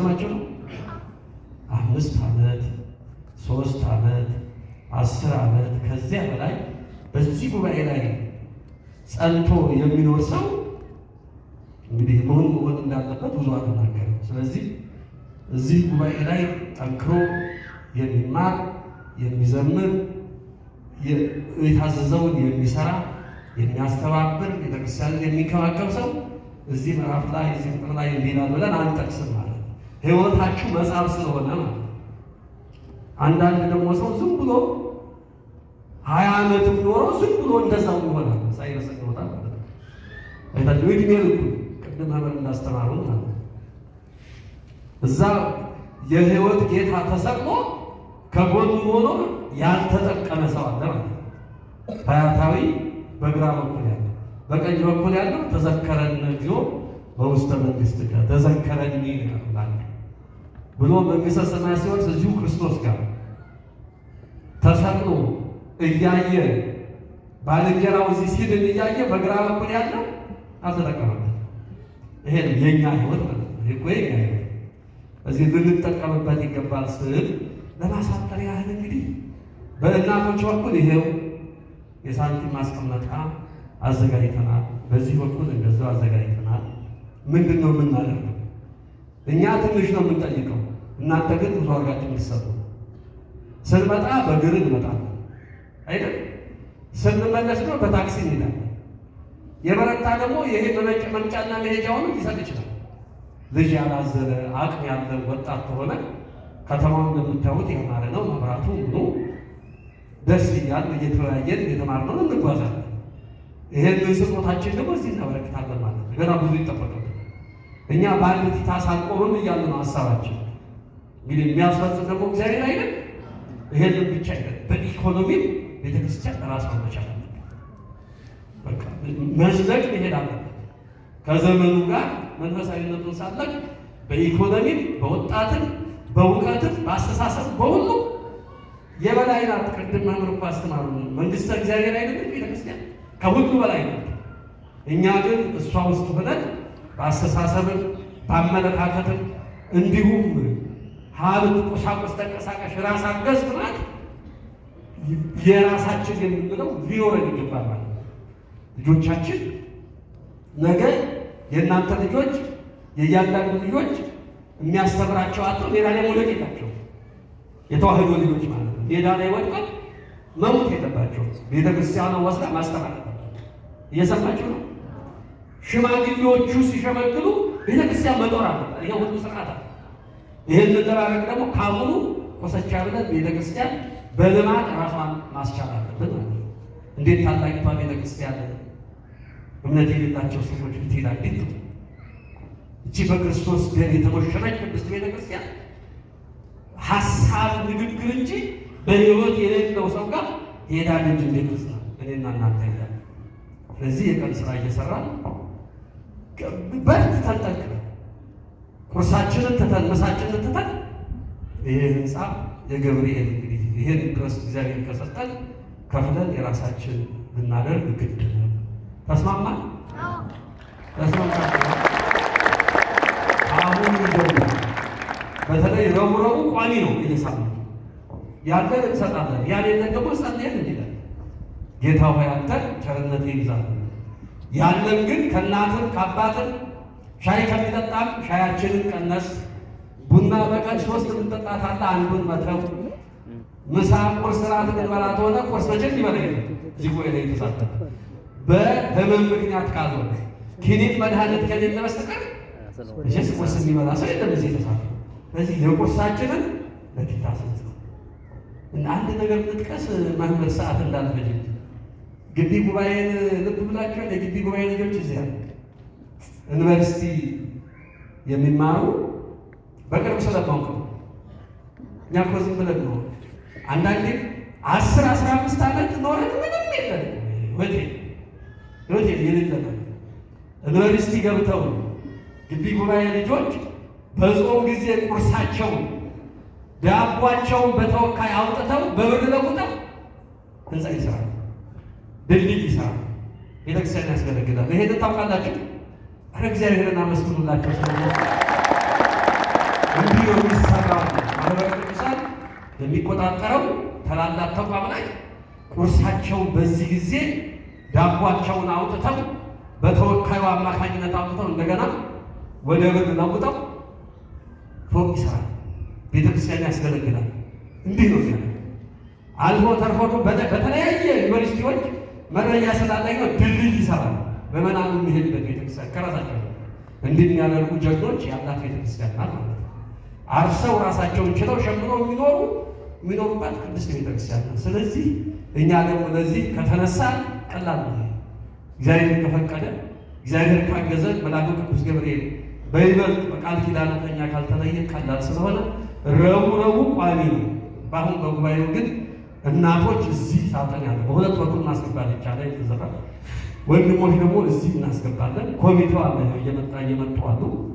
እየሰማችሁ ነው። አምስት ዓመት ሶስት ዓመት አስር ዓመት ከዚያ በላይ በዚህ ጉባኤ ላይ ጸንቶ የሚኖር ሰው እንግዲህ መሆን መሆን እንዳለበት ብዙ አልተናገርም። ስለዚህ እዚህ ጉባኤ ላይ ጠንክሮ የሚማር የሚዘምር፣ የታዘዘውን የሚሰራ፣ የሚያስተባብር፣ ቤተክርስቲያንን የሚከባከብ ሰው እዚህ ምዕራፍ ላይ እዚህ ቁጥር ላይ እንዲላል ብለን አንጠቅስም ማለት ህይወታችሁ መጽሐፍ ስለሆነ ነው። አንዳንድ ደግሞ ሰው ዝም ብሎ ሀያ ዓመት ኖሮ ዝም ብሎ እንደዛው ሆነ ሳይረሰ ይወጣል ማለት ነው። አይታችሁ እድሜ ልኩ ቅድም አበር እንዳስተማሩ ማለት ነው። እዛ የህይወት ጌታ ተሰቅሎ ከጎኑ ሆኖ ያልተጠቀመ ሰው አለ ማለት ነው። ታያታዊ በግራ በኩል ያለው በቀኝ በኩል ያለው ተዘከረን ነው በውስተ መንግስት ተዘከረን ይላል ብሎ መንግሥተ ሰማይ ሲሆን እዚሁ ክርስቶስ ጋር ተሰቅሎ እያየ ባልንጀራው እዚህ ሲል እያየ በግራ በኩል ያለው አልተጠቀመበት። ይሄ ነው የእኛ ህይወት ማለት ነው። ይሄ የኛ ህይወት እዚህ ልንጠቀምበት ይገባል ስል ለማሳጠር ያህል እንግዲህ በእናቶች በኩል ይሄው የሳንቲም ማስቀመጫ አዘጋጅተናል። በዚህ በኩል እንደዚያው አዘጋጅተናል። ምንድን ነው የምናደርገው? እኛ ትንሽ ነው የምንጠይቀው። እናንተ ግን ብዙ ዋጋችሁ እንዲሰጡ ስንመጣ በእግር እንመጣለን አይደል? ስንመለስ ነው በታክሲ እንሄዳለን። የበረታ ደግሞ ይሄ በመጭ መምጫና መሄጃውን ሊሰጥ ይችላል። ልጅ ያላዘለ አቅም ያለ ወጣት ከሆነ ከተማው እንደምታዩት ያማረ ነው። መብራቱ ብሎ ደስ እያል እየተወያየን እየተማርነው እንጓዛለን። ይሄን ስጦታችን ደግሞ እዚህ እናበረክታለን ማለት ነው። ገና ብዙ ይጠበቃል። እኛ በአንድ ቲታ ሳንቆምም እያለ ነው ሀሳባችን እንግዲህ የሚያስፈጽመው እግዚአብሔር አይደል? ይሄን ብቻ አይደለም፣ በኢኮኖሚም ቤተክርስቲያን ራስ መቻል መዝለቅ መሄድ አለበት። ከዘመኑ ጋር መንፈሳዊነቱን ሳለቅ በኢኮኖሚም፣ በወጣትም፣ በእውቀትም፣ በአስተሳሰብ በሁሉ የበላይ ናት። ቅድም መምህር እኮ አስተማሩ መንግስተ እግዚአብሔር አይደለም ቤተክርስቲያን ከሁሉ በላይ ናት። እኛ ግን እሷ ውስጥ ሆነን በአስተሳሰብም፣ በአመለካከትም እንዲሁም ሀብት፣ ቁሳቁስ፣ ተንቀሳቃሽ ራስ አገዝ ማለት የራሳችን የምንለው ሊኖረን ይገባል ማለት ነው። ልጆቻችን ነገ የእናንተ ልጆች የእያንዳንዱ ልጆች የሚያስተምራቸው አጥሮ ሜዳ ላይ መውደቅ የላቸውም። የተዋህዶ ልጆች ማለት ነው። ሜዳ ላይ ወድቀው መሞት የለባቸው። ቤተ ክርስቲያኗ ወስዳ ማስተማር እየሰማችሁ ነው። ሽማግሌዎቹ ሲሸመግሉ ቤተ መጦር አለበት። ይሄ ሁሉ ስርዓት አለ። ይህን መደራረግ ደግሞ ካሁኑ ኮሰቻ ብለን ቤተክርስቲያን በልማት ራሷን ማስቻል አለብን ማለት ነው። እንዴት ታላቂቷ ቤተክርስቲያን እምነት የሌላቸው ሰዎች ብትሄዳ እንዴት ነው እቺ በክርስቶስ ደም የተሞሸረች ቅድስት ቤተክርስቲያን ሀሳብ ንግግር እንጂ በህይወት የሌለው ሰው ጋር ሄዳ ልጅ እንዴት ነው እኔና እናንተ ይላል። ስለዚህ የቀን ስራ እየሰራ ነው። ቁርሳችንን ትተን ምሳችንን ትተን ይህ ህንፃ የገብርኤል እንግዲህ ይህን ክርስቶስ እግዚአብሔር ከሰጠን ከፍለን የራሳችን ብናደርግ ግድ ነው። ተስማማ ተስማማ። አሁን ይደውላ በተለይ ረቡዕ ቋሚ ነው። ይህ ያለ ያለን እንሰጣለን፣ ያሌለን ደግሞ ጸልየን እንላለን። ጌታ ሆይ አንተ ቸርነትህ ይብዛል። ያለን ግን ከእናትም ከአባትም ሻይ ከሚጠጣም ሻያችንን ቀነስ፣ ቡና በቀን ሶስት ምንጠጣታለ አንዱን መተው፣ ምሳ ቁርስ፣ ራት ልንበላ ተሆነ ቁርስ መቼም ሊበላ እዚህ ጉባኤ ላይ የተሳተፈ በህመም ምክንያት ካልሆነ ኪኒን መድኃኒት ከሌለ በስተቀር መቼስ ቁርስ የሚበላ ሰው የለም እዚህ የተሳተፈ። ስለዚህ የቁርሳችንን ለጌታ ስንት ነው እና አንድ ነገር ብንጥቀስ መምህር ሰዓት እንዳልፈጅ ግቢ ጉባኤን ልብ ብላችሁ የግቢ ጉባኤ ልጆች እዚያ ዩኒቨርሲቲ የሚማሩ በቅርብ ሰው ሰባንኩ እኛ እኮ ዝም ብለን ነው። አንዳንዴ አስር አስራ አምስት ዓመት ኖረን ምንም የለን ሆቴል ሆቴል የሌለ ዩኒቨርሲቲ ገብተው ግቢ ጉባኤ ልጆች በጾም ጊዜ ቁርሳቸውን ዳቧቸውን በተወካይ አውጥተው በብር ለቁጠር ህንፃ ይሰራል፣ ድልድይ ይሰራል፣ ቤተክርስቲያን ያስገለግላል። ይሄ ታውቃላችሁ። አረ እግዚአብሔርን አመስግኑላቸው። ስለ እንዲህ የሚሰራ ማህበረ ቅዱሳን በሚቆጣጠረው ታላላቅ ተቋም ላይ ቁርሳቸውን በዚህ ጊዜ ዳቧቸውን አውጥተው በተወካዩ አማካኝነት አውጥተው እንደገና ወደ ብር ለውጠው ፎቅ ይሰራል፣ ቤተክርስቲያን ያስገለግላል። እንዲህ ነው አልፎ ተርፎ በተለያየ ዩኒቨርሲቲዎች መረጃ ስላለኝ ድልድይ ይሰራል። በመናን የሚሄድበት ቤተክርስቲያን ከራሳቸው እንዲህ የሚያደርጉ ጀግኖች ያላት ቤተክርስቲያን ናት ማለት ነው። አርሰው ራሳቸውን ችለው ሸምኖ የሚኖሩ የሚኖሩባት ቅድስት ቤተክርስቲያን ናት። ስለዚህ እኛ ደግሞ ለዚህ ከተነሳ ቀላል ነው። እግዚአብሔር ከፈቀደ እግዚአብሔር ካገዘ መልአኩ ቅዱስ ገብርኤል በይበልጥ በቃል ኪዳኑ ከኛ ካልተለየ ቀላል ስለሆነ ረቡዕ ረቡዕ ቋሚ ነው። በአሁን በጉባኤው ግን እናቶች እዚህ ሳጥን ያለ በሁለት በኩል ማስገባት ይቻላል የተዘራ ወንድሞች ደግሞ እዚህ እናስገባለን። ኮሚቴው አለ ነው እየመጣ እየመጡ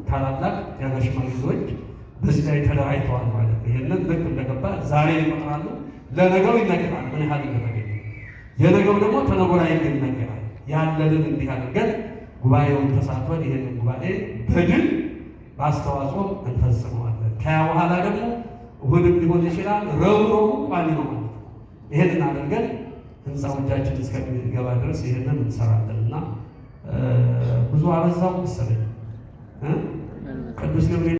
ታላላቅ ያለ ሽማግሌዎች በዚህ ላይ ተደራጅተዋል ማለት ነው። ይህንን ልክ እንደገባ ዛሬ ይመጣሉ። ለነገው ይነገራል ምን ያህል እንደተገኘ፣ የነገው ደግሞ ተነጎራይ ይነገራል። ያለንን እንዲህ አድርገን ጉባኤውን ተሳትፈን ይህንን ጉባኤ በድል በአስተዋጽኦ እንፈጽመዋለን። ከያ በኋላ ደግሞ እሁድም ሊሆን ይችላል ረቡዕ ረቡዕ ቋሚ ነው ማለት ነው። ይህንን አድርገን ህንፃው እጃችን እስከሚገባ ድረስ ይህንን እንሰራለን እና ብዙ አበዛው መሰለኝ ቅዱስ ገብርኤል